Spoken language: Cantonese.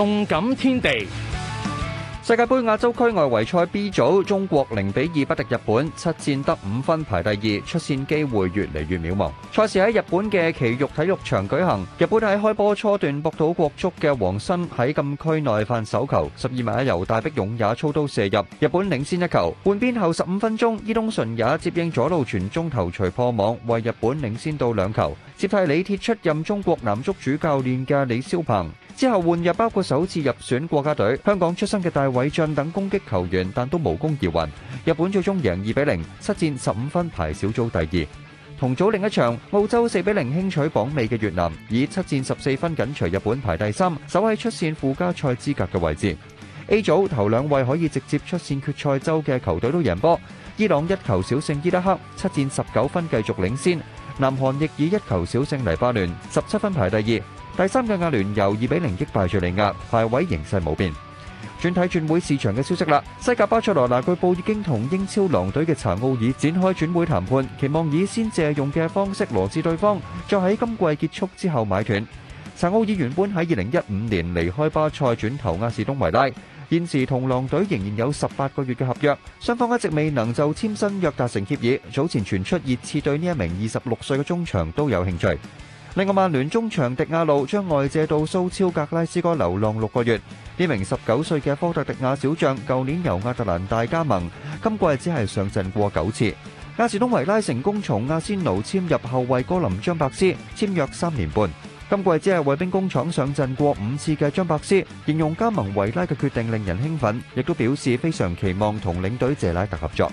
動感天地，世界杯亞洲區外圍賽 B 組，中國零比二不敵日本，七戰得五分排尾二，出線機會越嚟越渺茫。賽事喺日本嘅埼玉體育場舉行。日本喺開波初段博到國足嘅王燊喺禁區內犯手球，十二碼由大迫勇也操刀射入，日本領先一球。換邊後十五分鐘，伊東純也接應左路傳中頭槌破網，為日本領先到兩球。接替李鐵出任中國男足主教練嘅李霄鵬。之後換入包括首次入選國家隊、香港出生嘅戴偉浚等攻擊球員，但都無功而還。日本最終贏二比零，七戰十五分排小組第二。同組另一場澳洲四比零輕取榜尾嘅越南，以七戰十四分緊隨日本排第三，守喺出線附加賽資格嘅位置。A 組頭兩位可以直接出線決賽周嘅球隊都贏波，伊朗一球小勝伊拉克，七戰十九分繼續領先。南韓亦以一球小勝黎巴嫩，十七分排第二。第三嘅亞聯由二比零擊敗敘利亞，排位形勢冇變。轉睇轉會市場嘅消息啦，西甲巴塞羅那據報已經同英超狼隊嘅查奧爾展開轉會談判，期望以先借用嘅方式羅致對方，再喺今季結束之後買斷。查奧爾原本喺二零一五年離開巴塞，轉投阿士東維拉。現時同狼隊仍然有十八個月嘅合約，雙方一直未能就簽新約達成協議。早前傳出熱刺對呢一名二十六歲嘅中場都有興趣。另外，曼聯中場迪亞路將外借到蘇超格拉斯哥流浪六個月。呢名十九歲嘅科特迪亞小將，舊年由亞特蘭大加盟，今季只係上陣過九次。亞士東維拉成功從阿仙奴簽入後衛哥林張伯斯，簽約三年半。今季只係為兵工廠上陣過五次嘅張伯斯，形容加盟維拉嘅決定令人興奮，亦都表示非常期望同領隊謝拉特合作。